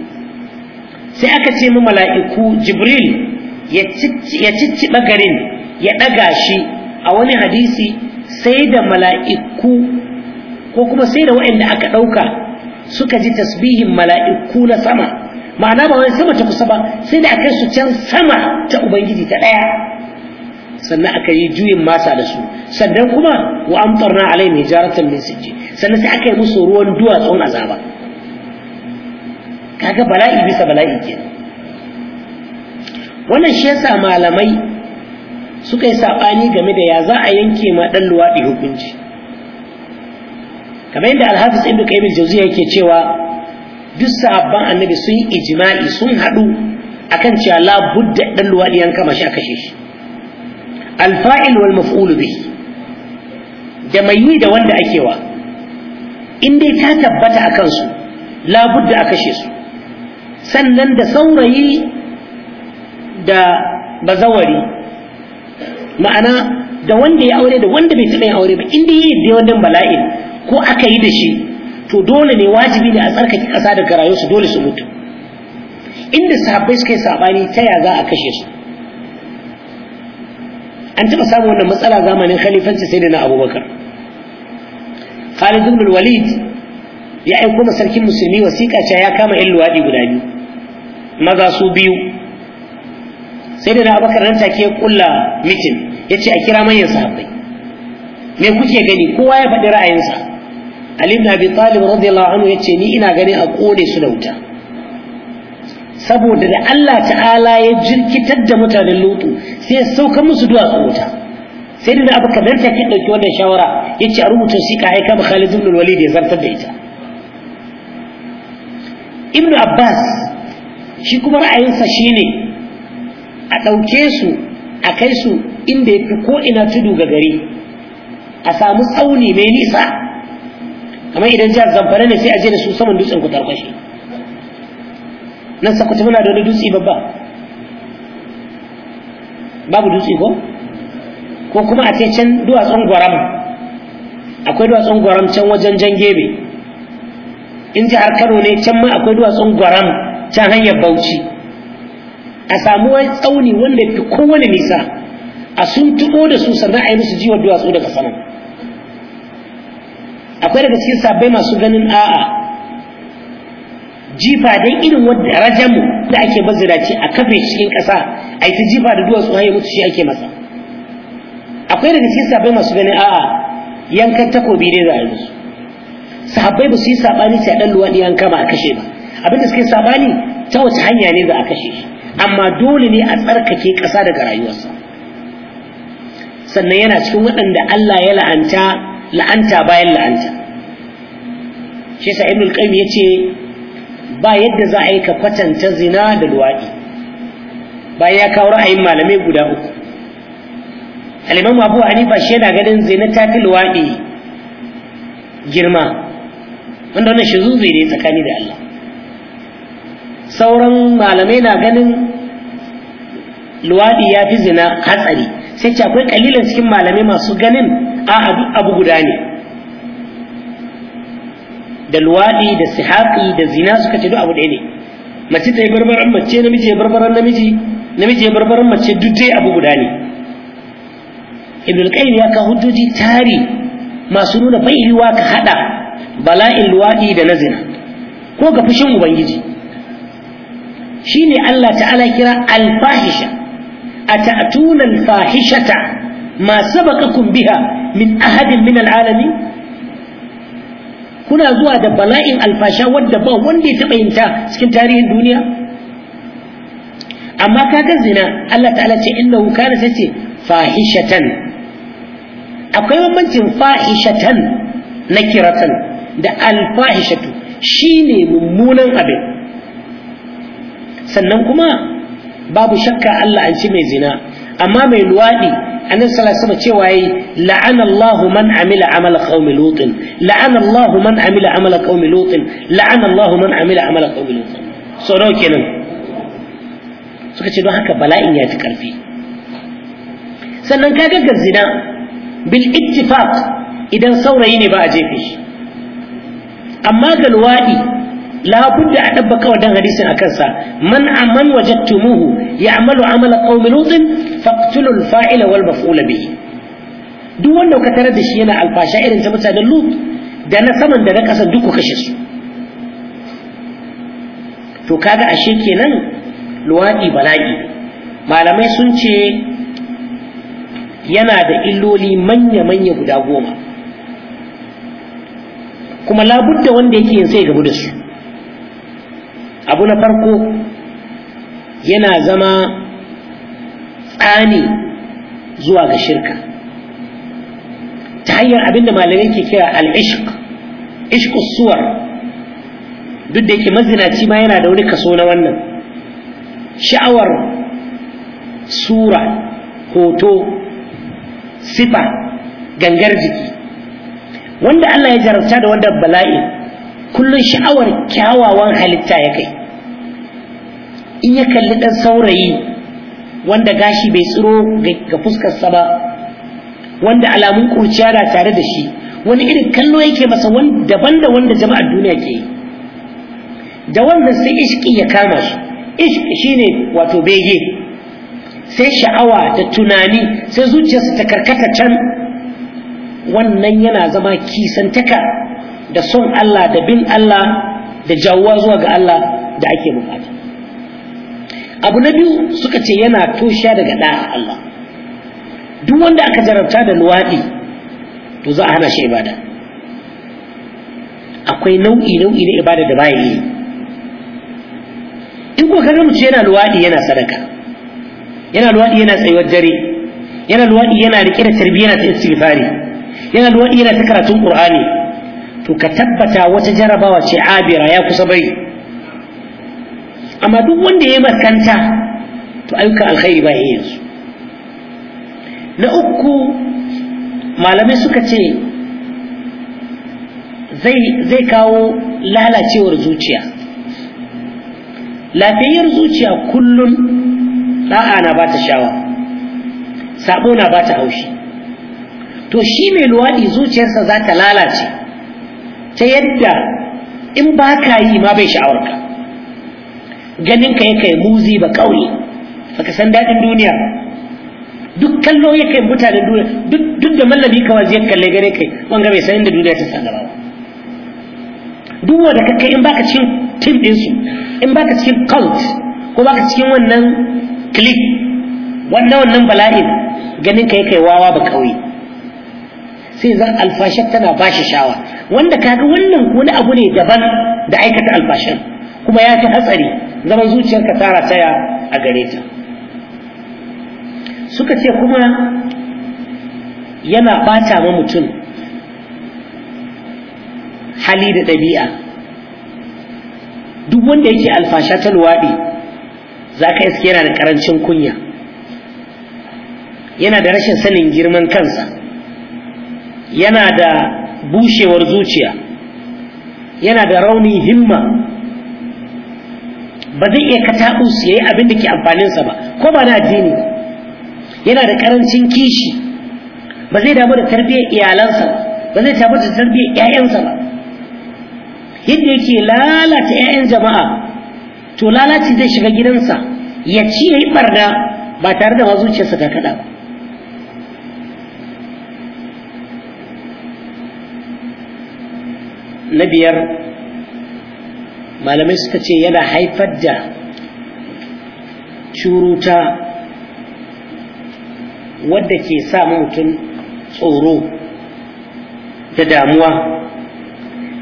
sai aka ce mu mala'iku jibril ya cicci garin ya ɗaga shi a wani hadisi sai da mala'iku ko kuma sai da waɗanda aka ɗauka suka ji tasbihin mala'iku na sama ma'ana ba wani sama ta kusa ba sai da aka su can sama ta ubangiji ta ɗaya sannan aka yi juyin masa da su sannan kuma wa amtarna alai mai jaratan min sijji sannan sai aka yi musu ruwan duwatsun azaba kaga bala'i bisa bala'i ke wannan shi yasa malamai suka yi saɓani game da ya za a yanke ma ɗan luwaɗi hukunci kamar yadda alhafiz ibnu qayyim al-jawziya yake cewa duk sahabban annabi sun yi ijma'i sun haɗu akan cewa la budda dan luwadi yanka mashi a kashe shi alfa'il wal maf'ul bihi da mai yi da wanda akewa in dai ta tabbata akan su la budda a kashe su sannan da saurayi da bazawari ma'ana da wanda ya aure da wanda bai taɓa yin aure ba inda yi yi wannan bala'in ko aka yi da shi to dole ne wajibi ne a tsarkake ƙasa daga rayuwarsu dole su mutu inda sahabbai suka yi saɓani ta ya za a kashe su an taɓa samun wannan matsala zamanin khalifanci sai da na abubakar khalid ibn walid ya aiko ma sarkin musulmi wasiƙa cewa ya kama yan luwaɗi guda biyu maza su biyu sai da abakar nan take kulla mitin ya ce a kira manyan sahabbai me kuke gani kowa ya faɗi ra'ayinsa ali ibn abi talib radiyallahu anhu ya ce ni ina ganin a kone su da wuta saboda da Allah ta'ala ya jirkitar da mutanen lutu sai ya sauka musu duwatsu wuta sai da abakar nan take ɗauki wannan shawara ya ce a rubuta sika aika ma khalid ibn walid ya zartar da ita ibn abbas shi kuma ra'ayinsa shi ne a ɗauke su a kai su inda ya fi ko'ina tudu ga gari a samu tsauni mai nisa kamar idan jihar zamfara ne sai a je da su saman dutsen ku tarkwashe nan sakwata muna da wani dutse babba babu dutse ko ko kuma a ce can duwatsun gwaram akwai duwatsun gwaram can wajen jan gebe in jihar kano ne can ma akwai duwatsun gwaram ta hanyar bauchi a samu wani tsauni wanda fi kowane nisa a sun tuɓo da su sannan a yi musu jiwar duwatsu daga sama akwai daga cikin sabbai masu ganin a'a jifa dai irin wadda rajamu da ake ce a kafe cikin ƙasa a yi ta jifa da duwatsu har ya mutu shi ake masa akwai daga cikin sahabbai masu ganin a'a yankan takobi ne za a yi musu sahabbai ba su yi saɓani sai a ɗan luwaɗi an kama a kashe ba abinda suke sabani ta wace hanya ne za a kashe shi amma dole ne a tsarkake ƙasa daga rayuwarsa sannan yana cikin waɗanda Allah ya la'anta la'anta bayan la'anta shi yasa al qayyim yace ba yadda za a yi ka kwatanta zina da luwaɗi bayan ya kawo ra'ayin malamai guda uku al-imam abu hanifa shi yana ganin zina ta fi luwaɗi girma wanda wannan shi zuzuyi ne tsakani da Allah sauran malamai na ganin luwaɗi ya fi zina hatsari sai ce akwai kalilan cikin malamai masu ganin a abu guda ne da luwaɗi da sihaƙi da zina suka ce duk abu ɗaya ne mace ta yi barbaran mace namiji ya barbaran namiji namiji ya barbaran mace duk dai abu guda ne ibn al-qayyim ya ka hujjoji tari masu nuna bai ka hada bala'in luwadi da na zina ko ga fushin ubangiji Shi ne Allah ta'ala kira alfahisha ata'tuna alfahishata ma sabaqakum biha min ahadin min alami? kuna zuwa da bala'in alfasha wadda ba wanda ya taɓa yinta cikin tarihin duniya amma kaga zina Allah ta'ala ce innahu kana sai ce fahishatan akwai bambancin fahishatan na kiratan da alfahishatu shine mummunan abin sannan kuma babu shakka Allah an ci mai zina amma mai luwaɗi annabi sallallahu alaihi cewa yi la'ana Allah man amila amala qaumi lutin la'ana Allah man amila amala qaumi lutin la'ana Allah man amila amala qaumi lutin so nawa kenan suka ce don haka bala'in ya fi karfi sannan ka ga zina bil ittifaq idan saurayi ne ba a jefe shi amma ga luwaɗi Labuda a ɗabbaka wa dan hadisin a kansa man amman wajadtumuhu ya'malu amala qaumi lutin faqtulu al-fa'ila wal maf'ula duk wanda ka tarar da shi yana alfasha irin ta mutanen lut da na saman da na ƙasa duk kashe su to kaga ashe kenan luwaɗi bala'i malamai sun ce yana da illoli manya-manya guda goma kuma labuda wanda yake yin sai gabu da su abu na farko yana zama tsani zuwa ga shirka ta hanyar abinda malamai ke kira al'ishq ishq suwar duk da yake mazinaci ma yana da wani kaso na wannan sha'awar sura hoto sifa gangar jiki wanda Allah ya jarabta da wanda bala'i kullum sha'awar kyawawan halitta ya kai in ya kalli ɗan saurayi wanda gashi bai tsiro ga fuskarsa ba wanda alamun kurciya na tare da shi wani irin kallo yake masa daban da wanda jama'ar duniya ke yi da wanda sai ishki ya kama shi ishki shine wato bege sai sha'awa da tunani sai zuciyarsa ta karkata can wannan yana zama kisantaka da son Allah da bin Allah da jawuwa zuwa ga Allah da ake bukata abu na biyu suka ce yana tosha daga da'a Allah duk wanda aka jarabta da luwaɗi to za a hana shi ibada akwai nau'i nau'i na ibada da baya yi in ko kaga mutum yana luwaɗi yana sadaka yana luwaɗi yana tsayuwar dare yana luwaɗi yana riƙe da tarbiya yana ta istighfari yana luwaɗi yana ta karatun qur'ani to ka tabbata wata jarabawa ce abira ya kusa bai amma duk wanda ya makanta to ayyuka alkhairi ba ya yanzu na uku malamai suka ce zai kawo lalacewar zuciya Lafiyar zuciya kullum ɗa'a na bata shawa sabo na ba haushi to shi mai luwaɗi zuciyarsa za ta lalace ta yadda in ba ka yi ma bai sha'awarka ganin ka yake muzi ba kauye baka san dadin duniya duk kallo yake mutanen duniya duk da mallami ka waje kalle gare kai wanga bai san inda duniya ta sa gaba duk wanda kake in baka cikin tim din su in baka cikin cult ko baka cikin wannan clique wannan wannan bala'in ganin ka yake wawa ba kauye sai zan alfashin tana ba shi shawa wanda kaga wannan wani abu ne daban da aikata alfashin kuma ya fi hatsari zaman zuciyarka ta rasaya a gare ta suka ce kuma yana bata ma mutum hali da ɗabi'a duk wanda yake alfasha ta luwaɗi za ka iske yana da ƙarancin kunya yana da rashin sanin girman kansa yana da bushewar zuciya yana da rauni himma ba zai iya kataɓu ya yayi abin da ke amfaninsa ba ko ba na addini yana da karancin kishi ba zai damu da tarbiyyar iyalansa ba ba zai tabbata da tarbiyyar 'ya'yansa ba yadda yake lalata 'ya'yan jama'a to lalaci zai shiga gidansa ya ci yayi barna ba tare da mazuciyarsa ta kaɗa ba na biyar malamai suka ce yana haifar da curuta wadda ke sa mutum tsoro da damuwa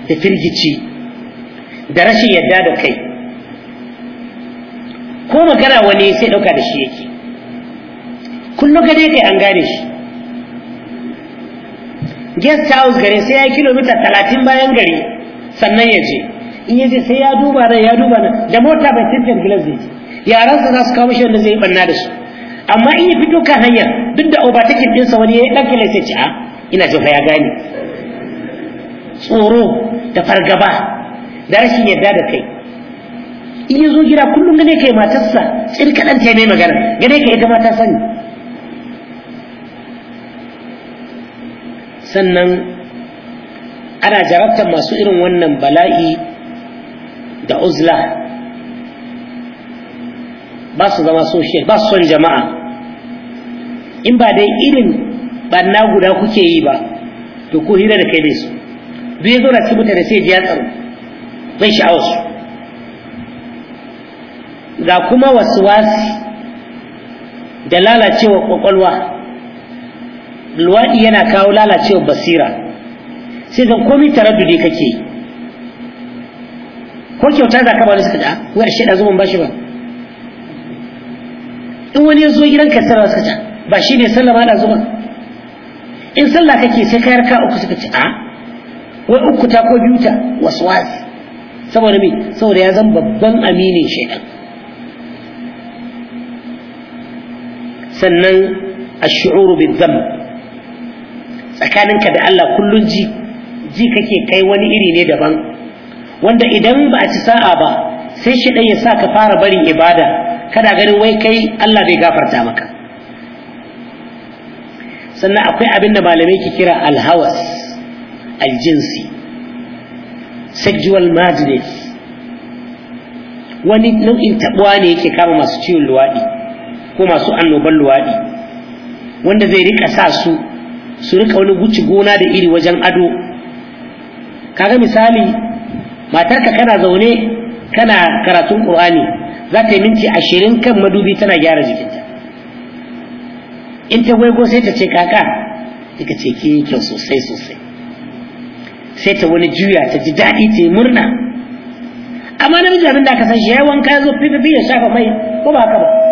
da firgici da rashin yadda da kai ko magana wani sai ɗauka da shi yake kullum ka dai an gane shi guest house gare sai ya yi kilomita talatin bayan gari sannan ya je in yaje sai ya duba da ya duba nan da mota bai tintin gilan zai yaran sa za su kawo mishi wanda zai banna da su amma in ya fito kan hanyar duk da din ɗinsa wani ya yi kila sai ci a ah, ina jofa ya gane tsoro da fargaba da rashin yarda da kai in yazo gida kullum gane kai matarsa kaɗan ta mai magana gane kai ita mata sani sannan ana jarabtar masu irin wannan bala'i da uzla ba su zama social ba su son jama'a in ba dai irin banna guda kuke yi ba to ko hira da kai ne su duk zo na cikin mutane sai ya tsaro ban sha'awar su ga kuma wasi da lalacewa kwakwalwa luwaɗi yana kawo lalacewa basira sai ga komai taraddudi kake yi ko kyauta za ka ba su ta wani ah, shi da zuwan bashi ba in wani ya zo gidan gidanka sallah suka ta ah, ba shi ne sallah ma da zuwa in sallah kake sai ka yarka uku suka ci a ah, wai uku ta ko biyu ta waswas saboda me saboda ya zan babban aminin shaidan sannan ash-shu'uru bidh-dhanb tsakaninka da Allah kullun ji ji kake kai wani iri ne daban wanda idan ba a ci sa'a ba sai shi ya sa ka fara barin ibada kada ganin wai kai Allah bai gafarta maka sannan akwai abin da malamai ke kira alhawas aljinsi sexual madness wani nau'in taɓuwa ne yake kama masu ciwon luwaɗi ko masu annoban luwaɗi wanda zai rika sa su su rika wani guci gona da iri wajen ado kaga misali matarka kana zaune kana karatun ƙur'ani za ta yi minti ashirin kan madubi tana gyara jikinta in ta waigo sai ta ce kaka kika ce ki kyau sosai sosai sai ta wani juya ta ji daɗi ta yi murna amma namiji abin da aka san shi ya wanka ya zo fififi ya shafa mai ko ba haka ba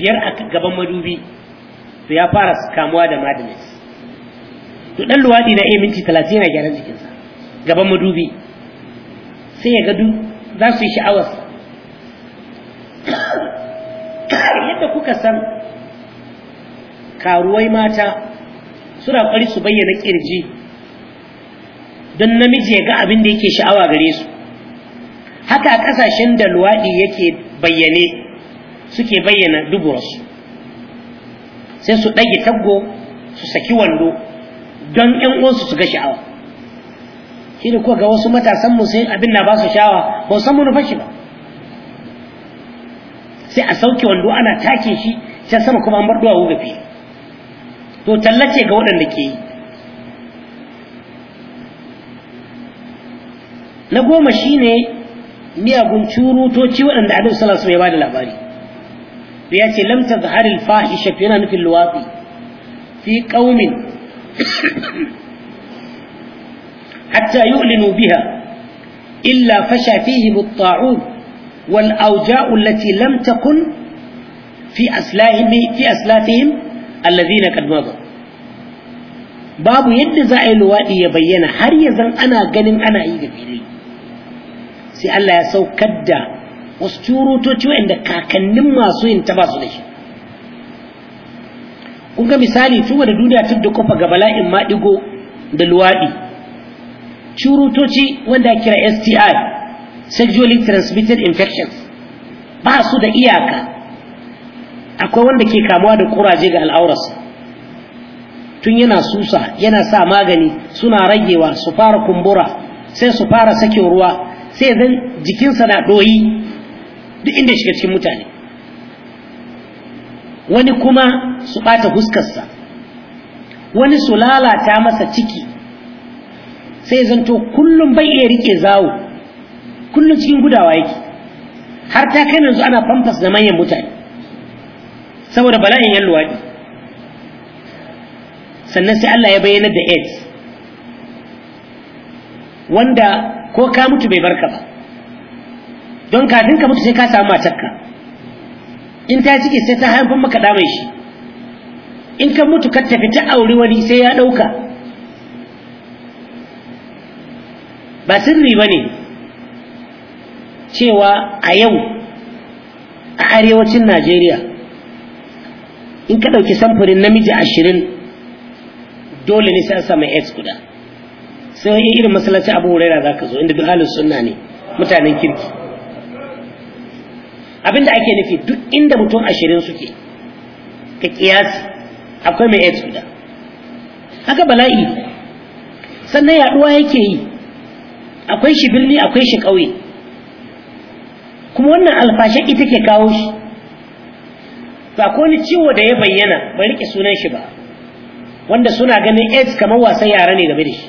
biyar a gaban madubi to ya fara kamuwa da madness to dan luwadi na minti talatin yana gyaran jikinsa gaban madubi sai ya gadu za su yi sha'awar yadda kuka san karuwai mata suna kwari su bayyana kirji don namiji ya ga abin da yake sha'awa gare su haka a kasashen da luwaɗi yake bayyane suke bayyana duburarsu sai su ɗage taggo su saki wando don ‘yan uwansu su ga sha'awa shi da kuwa ga wasu matasan mu sai abin na ba su sha'awa ba san manufar ba sai a sauke wando ana take shi ta sama kuma an bar duwawu ga fiye to tallace ga waɗanda ke yi na goma shine miyagun curutoci waɗanda Adam sallallahu mai ba da labari بياتي لم تظهر الفاحشة فينا في الواقي في قوم حتى يؤلنوا بها إلا فشى فيهم الطاعون والأوجاء التي لم تكن في أسلافهم في أسلافهم الذين قد مضوا باب يد زائل الوادي يبين هر يزن انا غنين انا يغفيري سي الله يسو كدا wasu curutoci wa'anda kakannin masu yin ta ba su da shi kun misali tuwa da duniya tun da kofa ga bala'in maɗigo da luwaɗi Turutoci wanda kira sti sexually transmitted infections ba su da iyaka akwai wanda ke kamuwa da kuraje ga al'aurarsa tun yana susa yana sa magani suna ragewa su fara kumbura sai su fara sakin ruwa sai zan jikinsa na ɗoyi duk inda shiga cikin mutane wani kuma su ɓata huskarsa wani su lalata masa ciki sai zanto kullum bai iya rike zawo kullum cikin gudawa yake har ta kai yanzu ana famfas da manyan mutane saboda bala'in yan luwaɗi sannan sai Allah ya bayyana da AIDS wanda ko ka mutu bai barka ba don kafin ka mutu sai ka samu matarka in ta cike sai ta haifar maka da mai shi in ka mutu ka tafi ta auri wani sai ya ɗauka ba sirri ba ne cewa a yau a arewacin najeriya in ka ɗauki samfurin namiji ashirin dole ne sai an samu guda sai irin masallaci abu raira za ka zo inda duk halin sunna ne mutanen kirki abinda ake nufi duk inda mutum ashirin suke ka kiyasi akwai mai aids guda haka bala'i sannan yaduwa yake yi akwai shi birni akwai shi ƙauye kuma wannan alfashe ita ke kawo shi ba ko ni ciwo da ya bayyana bai rike sunan shi ba wanda suna ganin aids kamar wasan yara ne game da shi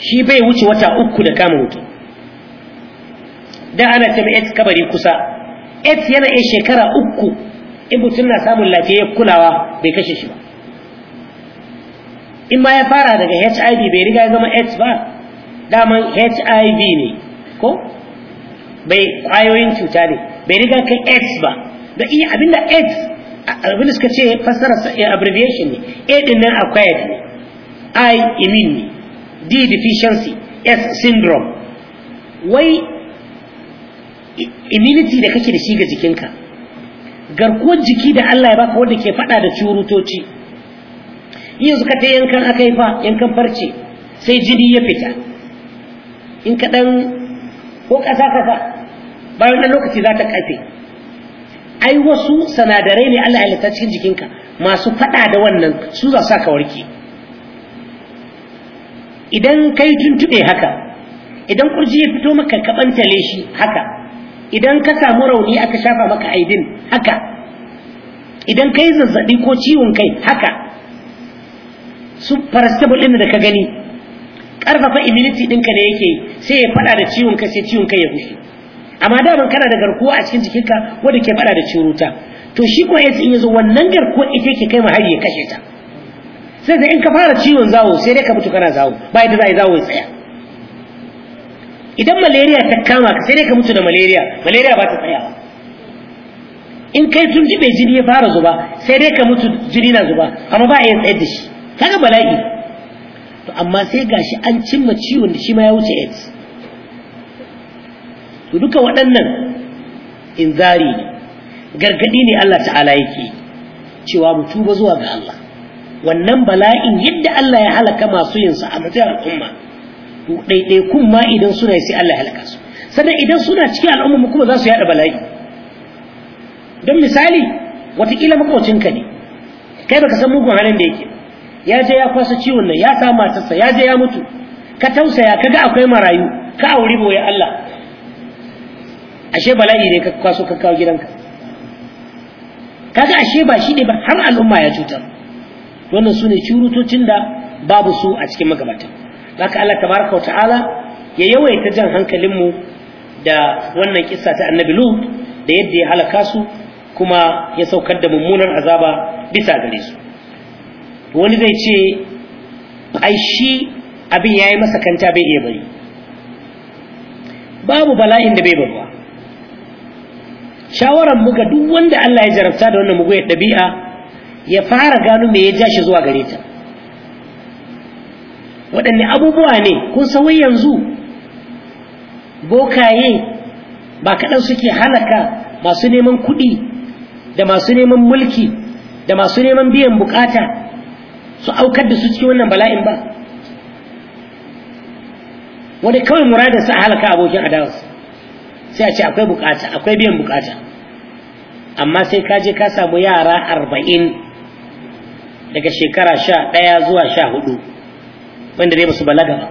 shi bai wuce wata uku da kama mutum da ana ce aids kabari kusa aids yana iya shekara uku in mutum na samun lafiyar kulawa bai kashe shi ba in ma ya fara daga hiv bai riga ya zama aids ba daman hiv ne ko bai kwayoyin cuta ne bai riga kai aids ba da iya abinda aids abinda suka ce fassara eh, abbreviation ne a din nan acquired ne i immune d deficiency s syndrome wai immunity da kake da shi ga jikinka garkuwar jiki da Allah ya baka wanda ke fada da curutoci yanzu ka ta yankan akai fa yankan farce sai jini ya fita in ka dan ko kasa ka fa bayan lokaci za ta kafe ai wasu sanadarai ne Allah ya halitta cikin jikinka masu fada da wannan su za sa ka warke idan kai tuntube haka idan kurji ya fito maka ka bantale shi haka idan ka samu rauni aka shafa maka aidin haka idan ka yi zazzabi ko ciwon kai haka su paracetamol ɗin da ka gani ƙarfafa immunity ɗinka ne yake sai ya faɗa da ciwon kai sai ciwon kai ya gushe amma daman kana da garkuwa a cikin jikinka wanda ke faɗa da ciruta to shi ko yace in yazo wannan garkuwa ita yake kai mahari ya kashe ta sai da in ka fara ciwon zawo sai dai ka mutu kana zawo ba yadda za a zawo ya tsaya idan malaria ta kama sai dai ka mutu da malaria malaria ba ta tsaya in kai tun jibe jini ya fara zuba sai dai ka mutu jini na zuba amma ba a yin tsayar da shi kaga bala'i to amma sai gashi an cimma ciwon da shi ma ya wuce aids to duka waɗannan inzari ne gargadi ne Allah ta'ala yake cewa mu tuba zuwa ga Allah wannan bala'in yadda Allah ya halaka masu yinsa a matsayin al'umma to ɗaiɗaikun ma idan suna yi sai Allah ya halaka su sannan idan suna cikin al'umma kuma za su yaɗa bala'i don misali watakila makocinka ne kai baka san mugun halin da yake ya je ya kwasa ciwon nan ya sa matarsa ya je ya mutu ka tausaya kaga akwai marayu ka auri boye Allah ashe bala'i ne ka kwaso ka kawo gidanka kaga ashe ba shi ne ba har al'umma ya cutar wannan su ne curutocin da babu su a cikin magabatan haka Allah tabaraka wa ta'ala ya yawaita jan hankalinmu da wannan kissa ta annabi lut da yadda ya halaka su kuma ya saukar da mummunar azaba bisa gare su wani zai ce ai shi abin ya yi masa kanta bai iya bari babu bala'in da bai babba shawaran mu duk wanda Allah ya jarabta da wannan mugu ya dabi'a ya fara gano me ya ja shi zuwa gare ta waɗanne abubuwa ne kun san yanzu bokaye ba kaɗan suke halaka masu neman kuɗi da masu neman mulki da masu neman biyan bukata su aukar da su cikin wannan bala'in ba wani kawai muradin sa halaka abokin adawas sai a ce akwai bukata akwai biyan bukata amma sai ka je ka samu yara arba'in daga shekara sha ɗaya zuwa sha hudu wanda zai basu balaga ba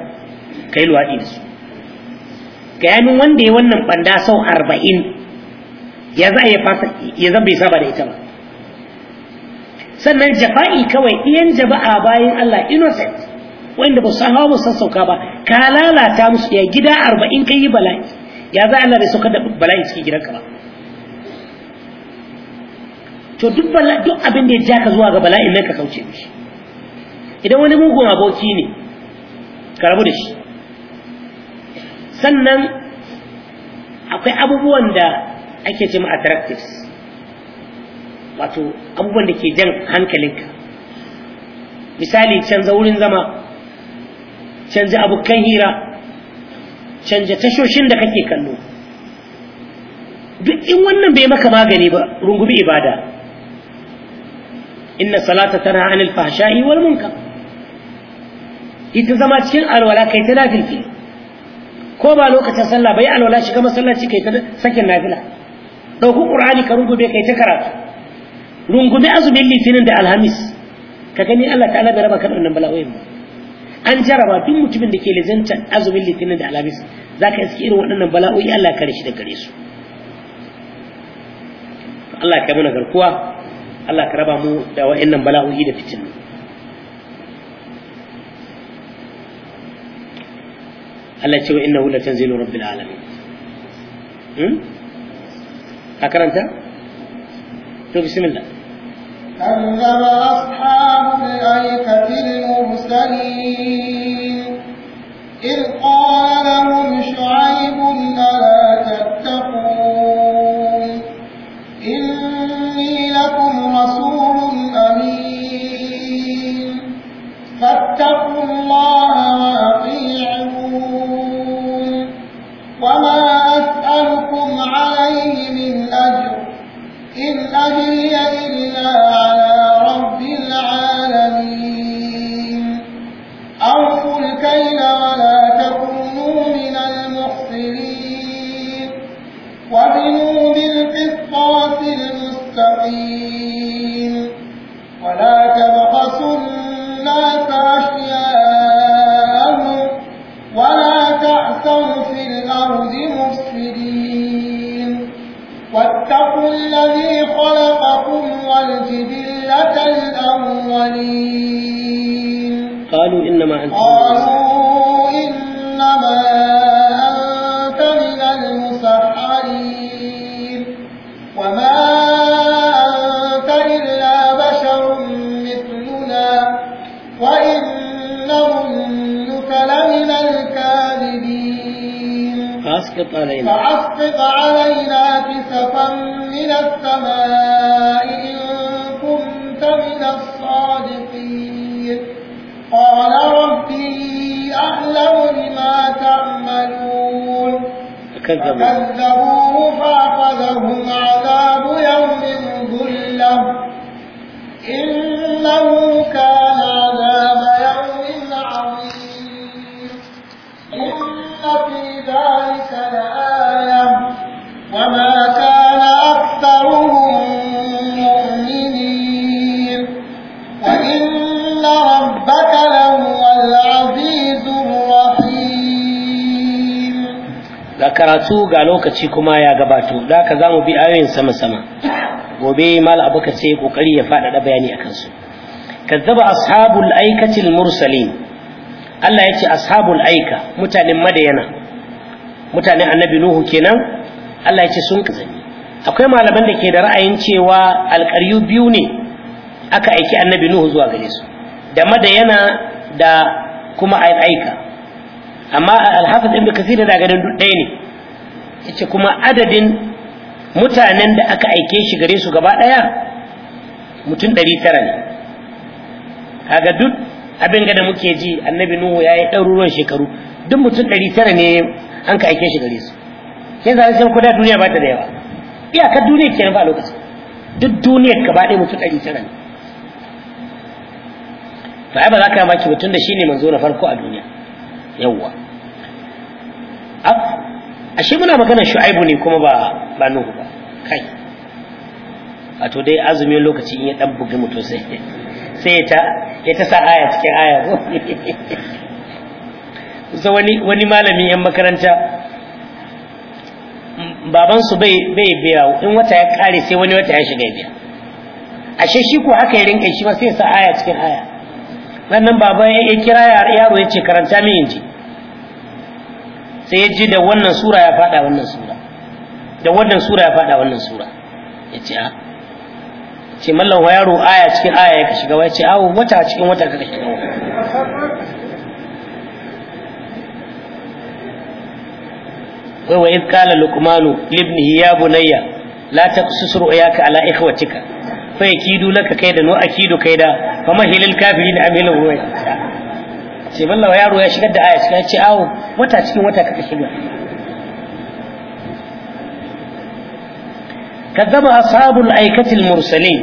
kai luwaɗi da su ga min wanda ya wannan banda sau arba'in ya za ya fasa ya zan bai saba da ita ba sannan jafa'i kawai iyan jaba'a bayan Allah innocent wanda ba su hawa ba san sauka ba ka lalata musu ya gida arba'in kai yi bala'i ya za Allah bai sauka da bala'i cikin ka ba to duk duk abin da ya ja ka zuwa ga bala'in nan ka kauce mishi idan wani mugun aboki ne karabu da shi sannan akwai abubuwan da ake ce ma attractives wato abubuwan da ke jan hankalinka misali canza wurin zama canza abokan hira canza tashoshin da kake kallo duk in wannan bai maka magani ba rungumi ibada inna salata tana anil fahsha'i wal munkar ita zama cikin alwala kai ta nafilfi ko ba lokacin sallah bai alwala shi shiga masallaci kai ta sakin nafila ɗauki ƙur'ani ka rungume kai ta karatu rungume azumin litinin da alhamis ka gani Allah ta'ala bai raba ka nan bala'o'in ba an jaraba duk mutumin da ke lizantar azumin litinin da alhamis za ka iske irin waɗannan bala'o'i Allah kare shi da gare su Allah ka mana garkuwa Allah ka raba mu da waɗannan bala'o'i da fitin التي ce إنه innahu latanzilu rabbil alamin hmm a karanta كذب أصحاب الأيكة المرسلين إذ قال لهم شعيب ألا تتقون إني لكم رسول أمين فاتقوا الله وما lokaci kuma ya gabato da ka za mu bi ayoyin sama-sama gobe mal abu ka ce kokari ya faɗaɗa bayani a kansu kazzaba ashabul aikatil mursalin Allah ya ce ashabul aika mutanen madayana mutanen annabi nuhu kenan Allah ya ce sun kazani akwai malaman da ke da ra'ayin cewa alƙaryu biyu ne aka aiki annabi nuhu zuwa gare su da madayana da kuma aika amma alhafiz ibn kasir na ganin duk ɗaya ne yace kuma adadin mutanen da aka aike shi gare su gaba ɗaya mutum ɗari tara ne kaga duk abin da muke ji annabi nuhu ya yi ɗaruruwan shekaru duk mutum ɗari tara ne an ka aike shi gare su sai su sai kuda duniya ba ta da yawa iyakar duniya ke nufa lokacin duk duniya gaba ɗaya mutum ɗari tara ne to ai ba za ka yi maki mutum da shine manzo na farko a duniya yawwa ashe muna magana shu'aibu ne kuma ba ba nuhu ba kai A to dai azumi lokaci in ya dan bugi mutum sai sai ta ya ta sa aya cikin aya ko so wani wani malamin yan makaranta baban su bai bai biya in wata ya kare sai wani wata ya shiga biya ashe shi ko haka ya rinka shi ba sai sa aya cikin aya wannan baba ya kira yaro ya ce karanta min inji sai ya ji da wannan sura ya fada wannan sura da wannan sura ya fada wannan sura ya ce ah. a ce mallan wa yaro aya cikin aya ya shiga ya ce awo wata cikin wata ka shiga wai wa idh qala luqmanu libnihi ya bunayya la taqsus ru'yaka ala ikhwatika fa yakidu laka kayda nu akidu kayda fa mahilil kafirin amhilu ru'yaka ce wallawa yaro ya shigar da aya cikin ya ce awo wata cikin wata kaka shiga kazzaba ashabul aikatil mursalin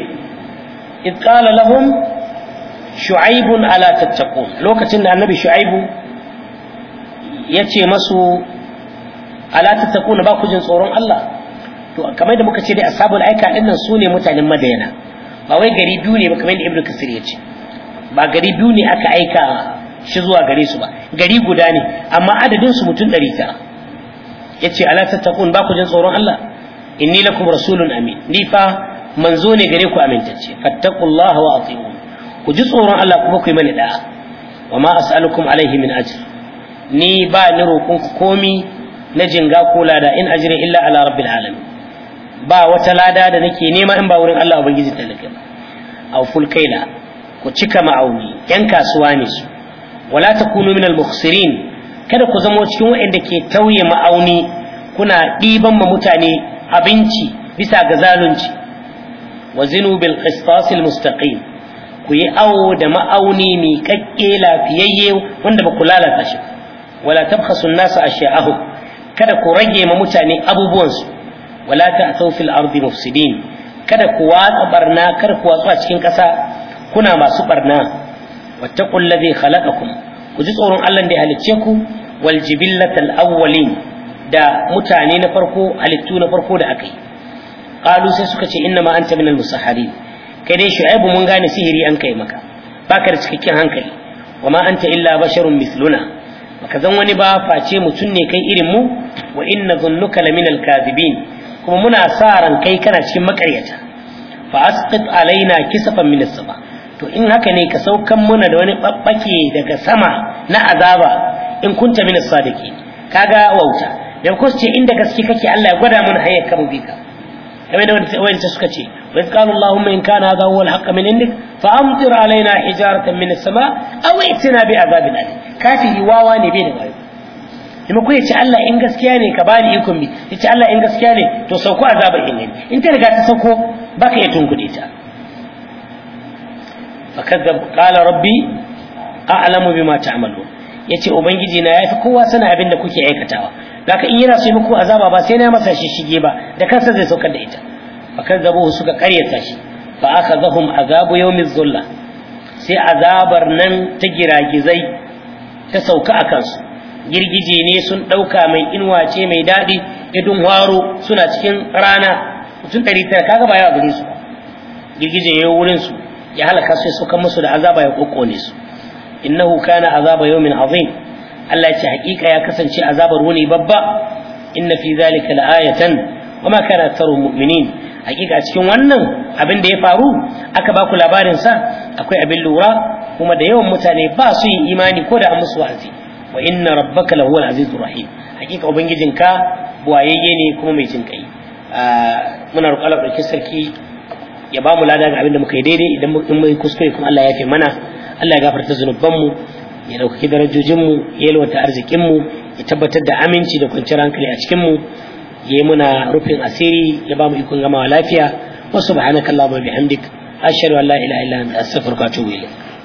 id qala lahum shu'aib ala tattaqun lokacin da annabi shu'aib ya ce masu ala tattaqun ba ku jin tsoron Allah to kamar da muka ce dai ashabul aika din nan sune mutanen Madina ba wai gari biyu ne ba kamar da Ibn Kasir ya ce ba gari biyu ne aka aika shi zuwa gare su ba gari guda ne amma adadin su mutum ɗari tara ce, ala tattaqun ba ku jin tsoron Allah inni lakum rasulun amin ni fa manzo ne gare ku amintacce fattaqullaha wa atiun ku ji tsoron Allah kuma ku yi mani da'a wa ma as'alukum alaihi min ajr ni ba ni roƙon ku komi na jinga ko lada in ajrin illa ala rabbil alamin ba wata lada da nake nema in ba wurin Allah ubangiji talaka ba aw fulkaila ku cika ma'auni yan kasuwa ne su wala takunu minal mukhsirin kada ku zamo cikin waɗanda ke tauye ma'auni kuna ɗiban ma mutane abinci bisa ga zalunci wa zinu bil qistas al mustaqim ku yi awo da ma'auni mai kakke lafiyayye wanda ba ku lalata shi wala tabkhasu an-nasa ashya'ahu kada ku rage ma mutane abubuwansu wala ta'thaw fil ardi mufsidin kada ku watsa barna kar ku watsa cikin ƙasa kuna masu barna wattaqul ladhi khalaqakum ku ji tsoron Allah da ya halicce ku wal jibillatal awwalin da mutane na farko halittu na farko da akai qalu sai suka ce inna ma anta minal musahharin kai dai shu'aibu mun gane sihiri an kai maka baka da cikakken hankali wa ma anta illa basharun misluna baka zan wani ba face mutum ne kai irin mu wa inna zunnuka laminal kadhibin kuma muna sa ran kai kana cikin makaryata fa asqit alaina kisafan min as-sama to in haka ne ka saukan muna da wani babbake daga sama na azaba in kunta min sadiki kaga wauta da ko ce inda gaske kake Allah ya gwada mana hayyar ka bika kamar da wani ta suka ce wa qala allahumma in kana hadha huwa al-haqq min indik fa amtir alaina hijaratan min as-sama' aw itina bi azabin alim kafi wawa ne bai da wayo kuma ko yace Allah in gaskiya ne ka bani ikon mi yace Allah in gaskiya ne to sauko azaba in in ta riga ta sauko baka ya tunkude ta fakadhab qala rabbi a'lamu bima ta'malun yace ubangiji na yafi kowa sana abin da kuke aikatawa daga in yana so muku azaba ba sai na masa shi shige ba da kansa zai saukar da ita fakadhabuhu suka karyata shi fa akhadhahum azabu yawmiz zulla sai azabar nan ta giragizai ta sauka a kansu girgije ne sun ɗauka mai inwace ce mai daɗi idun waro suna cikin rana mutum dari tara kaga ba yawa gare su girgije ya wurin su ya halaka su suka musu da azaba ya kokkone su innahu kana azaba yawmin azim Allah ya ce hakika ya kasance azabar wuni babba inna fi zalika la'ayatan wama kana aktarul mu'minin hakika cikin wannan abin da ya faru aka ba ku labarin sa akwai abin lura kuma da yawan mutane ba su yin imani ko da an musu wa'azi wa inna rabbaka lahuwal azizur rahim hakika ubangijinka buwayeye ne kuma mai jin ah, muna roƙon Allah sarki ya ba mu lada ga abin da muka yi daidai idan mun yi kuskure kuma Allah ya yafe mana Allah ya gafarta zunubanmu ya darajojin mu ya yalwata mu ya tabbatar da aminci da kwanciyar hankali a mu. ya yi muna rufin asiri ya ba mu ikon gamawa lafiya wasu subhanakallahumma bihamdik ashhadu an la ilaha illa anta astaghfiruka wa atubu ilayk